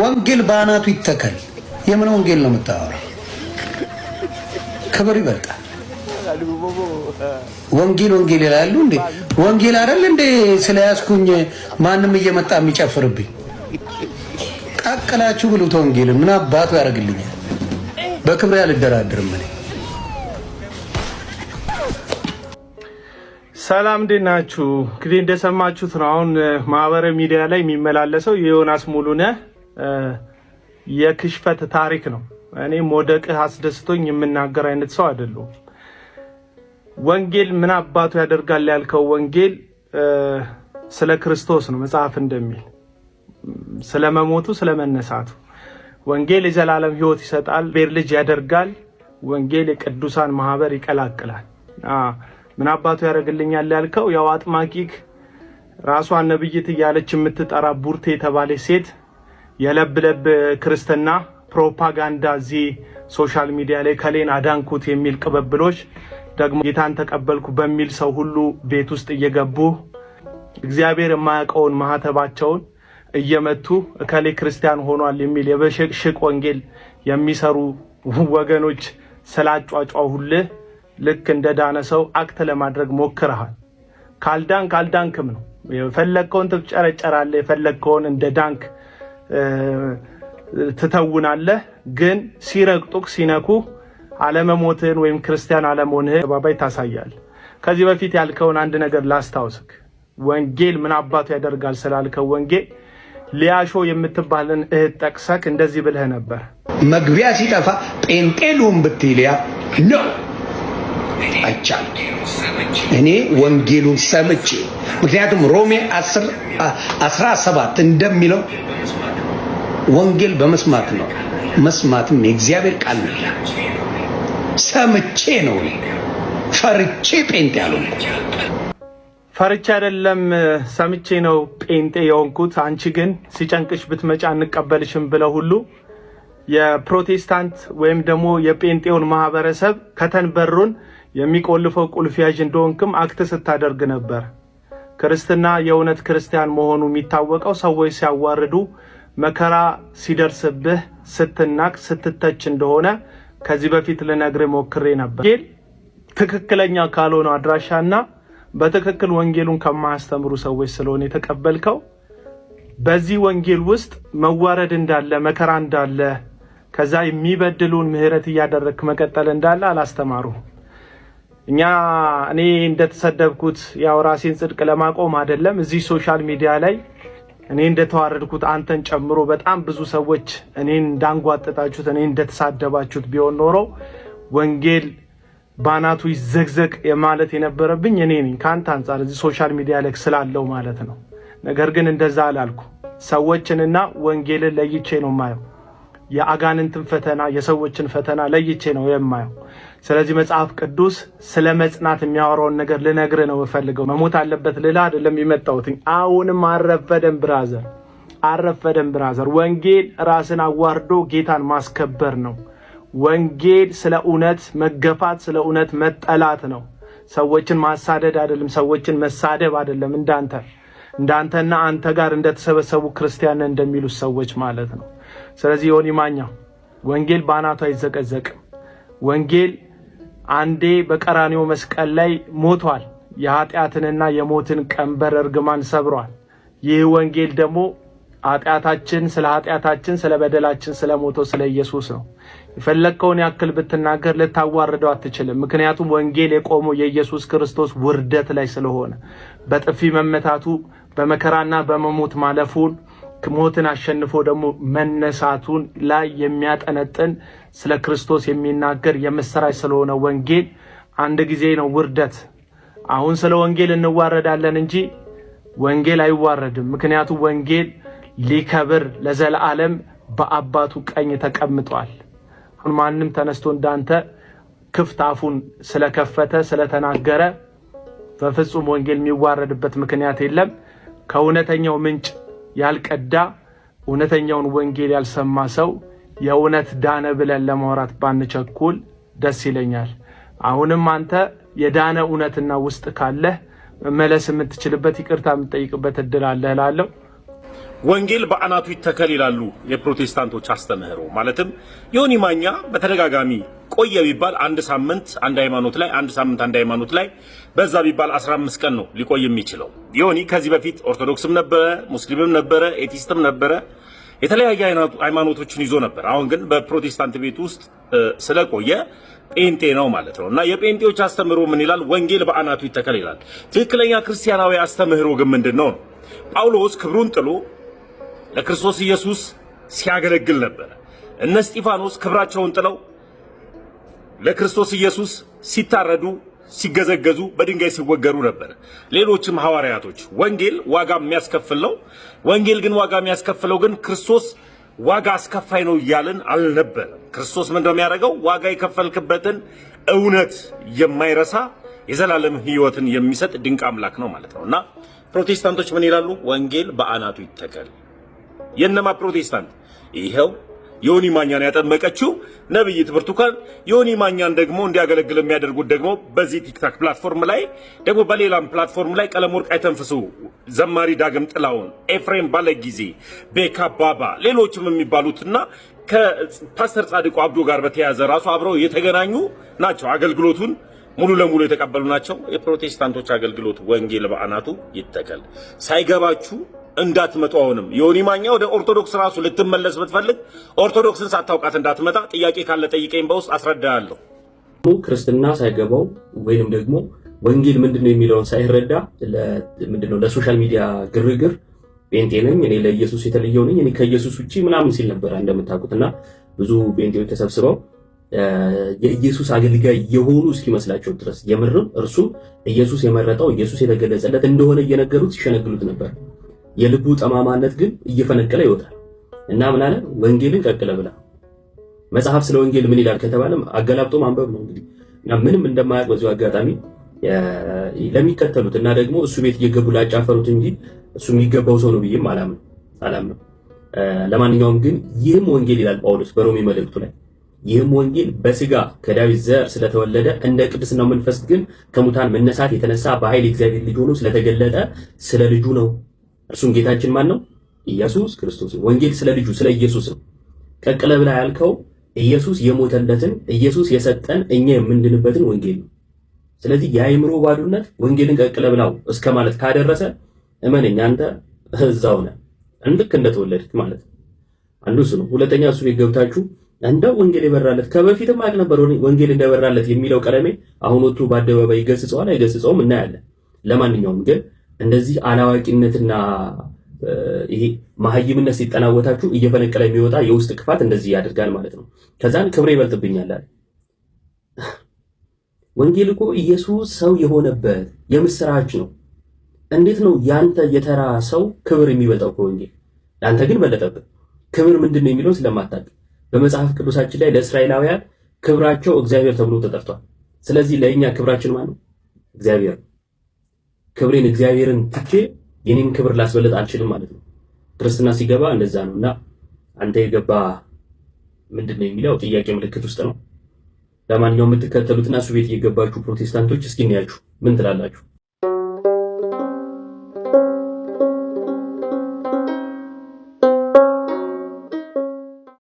ወንጌል በአናቱ ይተከል። የምን ወንጌል ነው የምታወራው? ክብር ይበልጣል። ወንጌል ወንጌል ይላሉ እንዴ? ወንጌል አይደል እንዴ? ስለያዝኩኝ ማንም እየመጣ የሚጨፍርብኝ ቀቅላችሁ ብሉት። ወንጌል ምን አባቱ ያደርግልኛል? በክብሬ አልደራደርም እኔ። ሰላም እንዴት ናችሁ? እንግዲህ እንደሰማችሁት ነው አሁን ማህበራዊ ሚዲያ ላይ የሚመላለሰው የዮናስ ሙሉነህ የክሽፈት ታሪክ ነው። እኔ መውደቅህ አስደስቶኝ የምናገር አይነት ሰው አይደለሁም። ወንጌል ምን አባቱ ያደርጋል ያልከው ወንጌል ስለ ክርስቶስ ነው። መጽሐፍ እንደሚል ስለ መሞቱ፣ ስለ መነሳቱ። ወንጌል የዘላለም ህይወት ይሰጣል፣ ቤር ልጅ ያደርጋል። ወንጌል የቅዱሳን ማህበር ይቀላቅላል። ምን አባቱ ያደርግልኛል ያልከው ያው አጥማቂክ ራሷን ነብይት እያለች የምትጠራ ቡርቴ የተባለች ሴት የለብለብ ክርስትና ፕሮፓጋንዳ እዚህ ሶሻል ሚዲያ ላይ ከሌን አዳንኩት የሚል ቅብብሎች ደግሞ ጌታን ተቀበልኩ በሚል ሰው ሁሉ ቤት ውስጥ እየገቡ እግዚአብሔር የማያውቀውን ማህተባቸውን እየመቱ እከሌ ክርስቲያን ሆኗል የሚል የበሽቅሽቅ ወንጌል የሚሰሩ ወገኖች ሁልህ ልክ እንደ ዳነ ሰው አክት ለማድረግ ሞክረሃል። ካልዳንክ አልዳንክም ነው። የፈለግከውን ትጨረጨራለህ፣ የፈለግከውን እንደ ዳንክ ትተውናለህ። ግን ሲረግጡክ ሲነኩ አለመሞትህን ወይም ክርስቲያን አለመሆንህን ባባይ ታሳያል። ከዚህ በፊት ያልከውን አንድ ነገር ላስታውስክ። ወንጌል ምን አባቱ ያደርጋል ስላልከው ወንጌል ሊያሾ የምትባልን እህት ጠቅሰክ እንደዚህ ብለህ ነበር። መግቢያ ሲጠፋ ጴንጤሉን ብትልያ ነው አይቻል እኔ ወንጌሉን ሰምቼ ምክንያቱም ሮሜ 17 እንደሚለው ወንጌል በመስማት ነው፣ መስማትም የእግዚአብሔር ቃል ነው። ሰምቼ ነው ፈርቼ ጴንጤ ያልሆንኩ። ፈርቼ አይደለም ሰምቼ ነው ጴንጤ የሆንኩት። አንቺ ግን ሲጨንቅሽ ብትመጪ አንቀበልሽም ብለው ሁሉ የፕሮቴስታንት ወይም ደግሞ የጴንጤውን ማህበረሰብ ከተንበሩን የሚቆልፈው ቁልፍ ያዥ እንደሆንክም አክት ስታደርግ ነበር። ክርስትና የእውነት ክርስቲያን መሆኑ የሚታወቀው ሰዎች ሲያዋርዱ፣ መከራ ሲደርስብህ፣ ስትናቅ፣ ስትተች እንደሆነ ከዚህ በፊት ልነግር ሞክሬ ነበር። ወንጌል ትክክለኛ ካልሆነ አድራሻና በትክክል ወንጌሉን ከማያስተምሩ ሰዎች ስለሆነ የተቀበልከው በዚህ ወንጌል ውስጥ መዋረድ እንዳለ መከራ እንዳለ ከዛ የሚበድሉን ምሕረት እያደረግክ መቀጠል እንዳለ አላስተማሩ እኛ እኔ እንደተሰደብኩት ያው ራሴን ጽድቅ ለማቆም አይደለም። እዚህ ሶሻል ሚዲያ ላይ እኔ እንደተዋረድኩት አንተን ጨምሮ በጣም ብዙ ሰዎች እኔን እንዳንጓጠጣችሁት፣ እኔ እንደተሳደባችሁት ቢሆን ኖሮ ወንጌል ባናቱ ይዘግዘግ ማለት የነበረብኝ እኔ ነኝ። ከአንተ አንጻር እዚህ ሶሻል ሚዲያ ላይ ስላለው ማለት ነው። ነገር ግን እንደዛ አላልኩ። ሰዎችንና ወንጌልን ለይቼ ነው ማየው። የአጋንንትን ፈተና የሰዎችን ፈተና ለይቼ ነው የማየው። ስለዚህ መጽሐፍ ቅዱስ ስለ መጽናት የሚያወራውን ነገር ልነግር ነው የምፈልገው። መሞት አለበት ልላ አይደለም የመጣሁት። አሁንም አረፈደን ብራዘር፣ አረፈደን ብራዘር። ወንጌል ራስን አዋርዶ ጌታን ማስከበር ነው። ወንጌል ስለ እውነት መገፋት፣ ስለ እውነት መጠላት ነው። ሰዎችን ማሳደድ አይደለም፣ ሰዎችን መሳደብ አይደለም። እንዳንተ እንዳንተና አንተ ጋር እንደተሰበሰቡ ክርስቲያን እንደሚሉት ሰዎች ማለት ነው። ስለዚህ ዮኒ ማኛ ወንጌል በአናቱ አይዘቀዘቅም። ወንጌል አንዴ በቀራኒዮ መስቀል ላይ ሞቷል። የኃጢአትንና የሞትን ቀንበር እርግማን ሰብሯል። ይህ ወንጌል ደግሞ ኃጢአታችን ስለ ኃጢአታችን ስለ በደላችን ስለ ሞተው ስለ ኢየሱስ ነው። የፈለግከውን ያክል ብትናገር ልታዋርደው አትችልም። ምክንያቱም ወንጌል የቆመው የኢየሱስ ክርስቶስ ውርደት ላይ ስለሆነ በጥፊ መመታቱ በመከራና በመሞት ማለፉን ሞትን አሸንፎ ደግሞ መነሳቱን ላይ የሚያጠነጥን ስለ ክርስቶስ የሚናገር የምስራች ስለሆነ ወንጌል አንድ ጊዜ ነው ውርደት። አሁን ስለ ወንጌል እንዋረዳለን እንጂ ወንጌል አይዋረድም። ምክንያቱም ወንጌል ሊከብር ለዘለዓለም በአባቱ ቀኝ ተቀምጧል። አሁን ማንም ተነስቶ እንዳንተ ክፍት አፉን ስለከፈተ ስለተናገረ በፍጹም ወንጌል የሚዋረድበት ምክንያት የለም። ከእውነተኛው ምንጭ ያልቀዳ እውነተኛውን ወንጌል ያልሰማ ሰው የእውነት ዳነ ብለን ለማውራት ባንቸኩል ደስ ይለኛል። አሁንም አንተ የዳነ እውነትና ውስጥ ካለህ መመለስ የምትችልበት ይቅርታ የምትጠይቅበት እድል አለ እላለሁ። ወንጌል በአናቱ ይተከል ይላሉ የፕሮቴስታንቶች አስተምህሮ። ማለትም ዮኒ ማኛ በተደጋጋሚ ቆየ ቢባል አንድ ሳምንት አንድ ሃይማኖት ላይ አንድ ሳምንት አንድ ሃይማኖት ላይ በዛ ቢባል 15 ቀን ነው ሊቆይ የሚችለው። ዮኒ ከዚህ በፊት ኦርቶዶክስም ነበረ፣ ሙስሊምም ነበረ፣ ኤቲስትም ነበረ፣ የተለያየ ሃይማኖቶችን ይዞ ነበር። አሁን ግን በፕሮቴስታንት ቤት ውስጥ ስለቆየ ጴንጤ ነው ማለት ነው። እና የጴንጤዎች አስተምህሮ ምን ይላል? ወንጌል በአናቱ ይተከል ይላል። ትክክለኛ ክርስቲያናዊ አስተምህሮ ግን ምንድን ነው? ጳውሎስ ክብሩን ጥሎ ለክርስቶስ ኢየሱስ ሲያገለግል ነበረ። እነ እስጢፋኖስ ክብራቸውን ጥለው ለክርስቶስ ኢየሱስ ሲታረዱ፣ ሲገዘገዙ፣ በድንጋይ ሲወገሩ ነበር። ሌሎችም ሐዋርያቶች ወንጌል ዋጋ የሚያስከፍል ነው። ወንጌል ግን ዋጋ የሚያስከፍለው ግን ክርስቶስ ዋጋ አስከፋይ ነው እያልን አልነበረም። ክርስቶስ ምንድን ነው የሚያደርገው? ዋጋ የከፈልክበትን እውነት የማይረሳ የዘላለም ሕይወትን የሚሰጥ ድንቅ አምላክ ነው ማለት ነው። እና ፕሮቴስታንቶች ምን ይላሉ? ወንጌል በአናቱ ይተከል። የነማ ፕሮቴስታንት ይኸው ዮኒ ማኛን ያጠመቀችው ነብይት ብርቱካን ዮኒ ማኛን ደግሞ እንዲያገለግል የሚያደርጉት ደግሞ በዚህ ቲክታክ ፕላትፎርም ላይ ደግሞ በሌላም ፕላትፎርም ላይ ቀለም ወርቅ አይተንፍሱ፣ ዘማሪ ዳግም ጥላውን፣ ኤፍሬም ባለጊዜ፣ ቤካ ባባ ሌሎችም የሚባሉትና ከፓስተር ጻድቁ አብዶ ጋር በተያያዘ ራሱ አብረው የተገናኙ ናቸው። አገልግሎቱን ሙሉ ለሙሉ የተቀበሉ ናቸው። የፕሮቴስታንቶች አገልግሎት ወንጌል በአናቱ ይተከል። ሳይገባችሁ እንዳትመጡ አሁንም ዮኒ ማኛ ወደ ኦርቶዶክስ ራሱ ልትመለስ ብትፈልግ ኦርቶዶክስን ሳታውቃት እንዳትመጣ። ጥያቄ ካለ ጠይቀኝ፣ በውስጥ አስረዳለሁ። ክርስትና ሳይገባው ወይንም ደግሞ ወንጌል ምንድነው የሚለውን ሳይረዳ ምንድነው ለሶሻል ሚዲያ ግርግር ጴንጤ ነኝ እኔ ለኢየሱስ የተለየው ነኝ እኔ ከኢየሱስ ውጭ ምናምን ሲል ነበር እንደምታውቁት። እና ብዙ ጴንጤዎች ተሰብስበው የኢየሱስ አገልጋይ የሆኑ እስኪመስላቸው ድረስ የምርም እርሱ ኢየሱስ የመረጠው ኢየሱስ የተገለጸለት እንደሆነ እየነገሩት ሲሸነግሉት ነበር። የልቡ ጠማማነት ግን እየፈነቀለ ይወጣል እና ምን አለ ወንጌልን ቀቅለ ብላ መጽሐፍ ስለ ወንጌል ምን ይላል ከተባለም አገላብጦ ማንበብ ነው እንግዲህ እና ምንም እንደማያውቅ በዚሁ አጋጣሚ ለሚከተሉት እና ደግሞ እሱ ቤት እየገቡ ላጫፈሩት እንጂ እሱ የሚገባው ሰው ነው ብዬም አላምነው። ለማንኛውም ግን ይህም ወንጌል ይላል ጳውሎስ በሮሜ መልእክቱ ላይ ይህም ወንጌል በስጋ ከዳዊት ዘር ስለተወለደ እንደ ቅድስናው መንፈስ ግን ከሙታን መነሳት የተነሳ በኃይል የእግዚአብሔር ልጅ ሆኖ ስለተገለጠ ስለ ልጁ ነው። እርሱም ጌታችን ማን ነው? ኢየሱስ ክርስቶስ ነው። ወንጌል ስለ ልጁ ስለ ኢየሱስ ነው። ቀቅለ ብላ ያልከው ኢየሱስ የሞተለትን ኢየሱስ የሰጠን እኛ የምንድንበትን ወንጌል ነው። ስለዚህ የአይምሮ ባዶነት ወንጌልን ቀቅለ ብላው እስከ ማለት ካደረሰ እመነኝ አንተ እዛው ነህ፣ ልክ እንደተወለድክ ማለት ነው። አንዱ እሱ ነው። ሁለተኛ እሱ ቤት ገብታችሁ እንደው ወንጌል የበራለት ከበፊትም አቅ ነበር ወንጌል እንደበራለት የሚለው ቀለሜ አሁን ወጥቶ በአደባባይ ይገስጸዋል አይገስጸውም እናያለን። ለማንኛውም ግን እንደዚህ አላዋቂነትና ይሄ ማህይምነት ሲጠናወታችሁ እየፈነቀለ የሚወጣ የውስጥ ክፋት እንደዚህ ያደርጋል ማለት ነው። ከዛን ክብሬ ይበልጥብኛል አለ። ወንጌል እኮ ኢየሱስ ሰው የሆነበት የምስራች ነው። እንዴት ነው ያንተ የተራ ሰው ክብር የሚበልጠው ከወንጌል? ያንተ ግን በለጠብህ። ክብር ምንድን ነው የሚለውን ስለማታውቅ በመጽሐፍ ቅዱሳችን ላይ ለእስራኤላውያን ክብራቸው እግዚአብሔር ተብሎ ተጠርቷል። ስለዚህ ለእኛ ክብራችን ማነው? እግዚአብሔር ነው። ክብሬን እግዚአብሔርን ትቼ የኔን ክብር ላስበለጥ አልችልም ማለት ነው። ክርስትና ሲገባ እንደዛ ነው እና አንተ የገባ ምንድን ነው የሚለው ጥያቄ ምልክት ውስጥ ነው። ለማንኛውም የምትከተሉትና እሱ ቤት የገባችሁ ፕሮቴስታንቶች እስኪ እንያችሁ ምን ትላላችሁ?